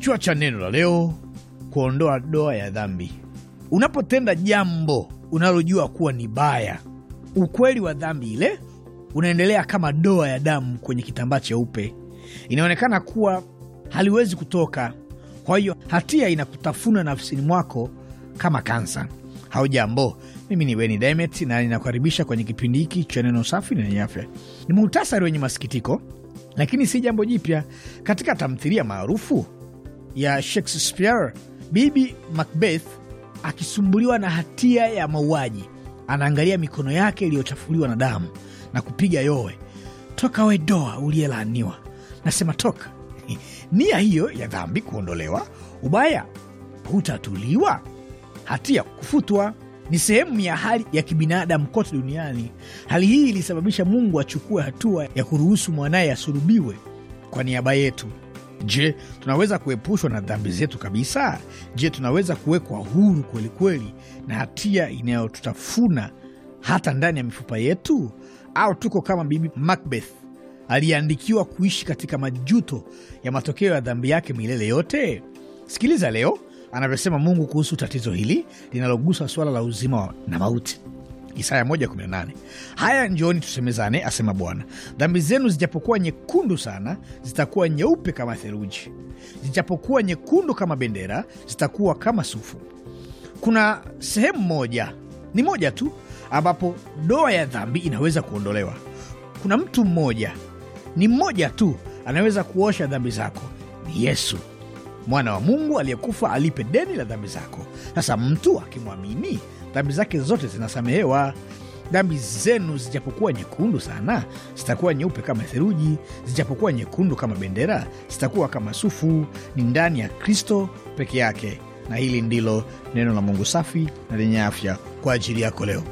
Kichwa cha neno la leo: kuondoa doa ya dhambi. Unapotenda jambo unalojua kuwa ni baya, ukweli wa dhambi ile unaendelea kama doa ya damu kwenye kitambaa cheupe, inaonekana kuwa haliwezi kutoka. Kwa hiyo hatia inakutafuna nafsini mwako kama kansa. Haujambo, mimi ni Beni Demet na ninakukaribisha kwenye kipindi hiki cha neno safi na lenye afya. Ni muhtasari wenye masikitiko, lakini si jambo jipya. Katika tamthilia maarufu ya Shakespeare, Bibi Macbeth akisumbuliwa na hatia ya mauaji anaangalia mikono yake iliyochafuliwa na damu na kupiga yowe, toka we doa uliyelaaniwa, nasema toka. Nia hiyo ya dhambi kuondolewa, ubaya hutatuliwa, hatia kufutwa, ni sehemu ya hali ya kibinadamu kote duniani. Hali hii ilisababisha Mungu achukue hatua ya kuruhusu mwanaye asulubiwe kwa niaba yetu. Je, tunaweza kuepushwa na dhambi zetu kabisa? Je, tunaweza kuwekwa huru kwelikweli na hatia inayotutafuna hata ndani ya mifupa yetu, au tuko kama Bibi Macbeth aliyeandikiwa kuishi katika majuto ya matokeo ya dhambi yake milele yote? Sikiliza leo anavyosema Mungu kuhusu tatizo hili linalogusa suala la uzima na mauti. Isaya 1:18, haya njooni tusemezane, asema Bwana, dhambi zenu zijapokuwa nyekundu sana, zitakuwa nyeupe kama theluji; zijapokuwa nyekundu kama bendera, zitakuwa kama sufu. Kuna sehemu moja, ni moja tu, ambapo doa ya dhambi inaweza kuondolewa. Kuna mtu mmoja, ni mmoja tu, anaweza kuosha dhambi zako, ni Yesu mwana wa Mungu aliyekufa alipe deni la dhambi zako. Sasa mtu akimwamini dhambi zake zote zinasamehewa. Dhambi zenu zijapokuwa nyekundu sana, zitakuwa nyeupe kama theluji; zijapokuwa nyekundu kama bendera, zitakuwa kama sufu. Ni ndani ya Kristo peke yake. Na hili ndilo neno la Mungu safi na lenye afya kwa ajili yako leo.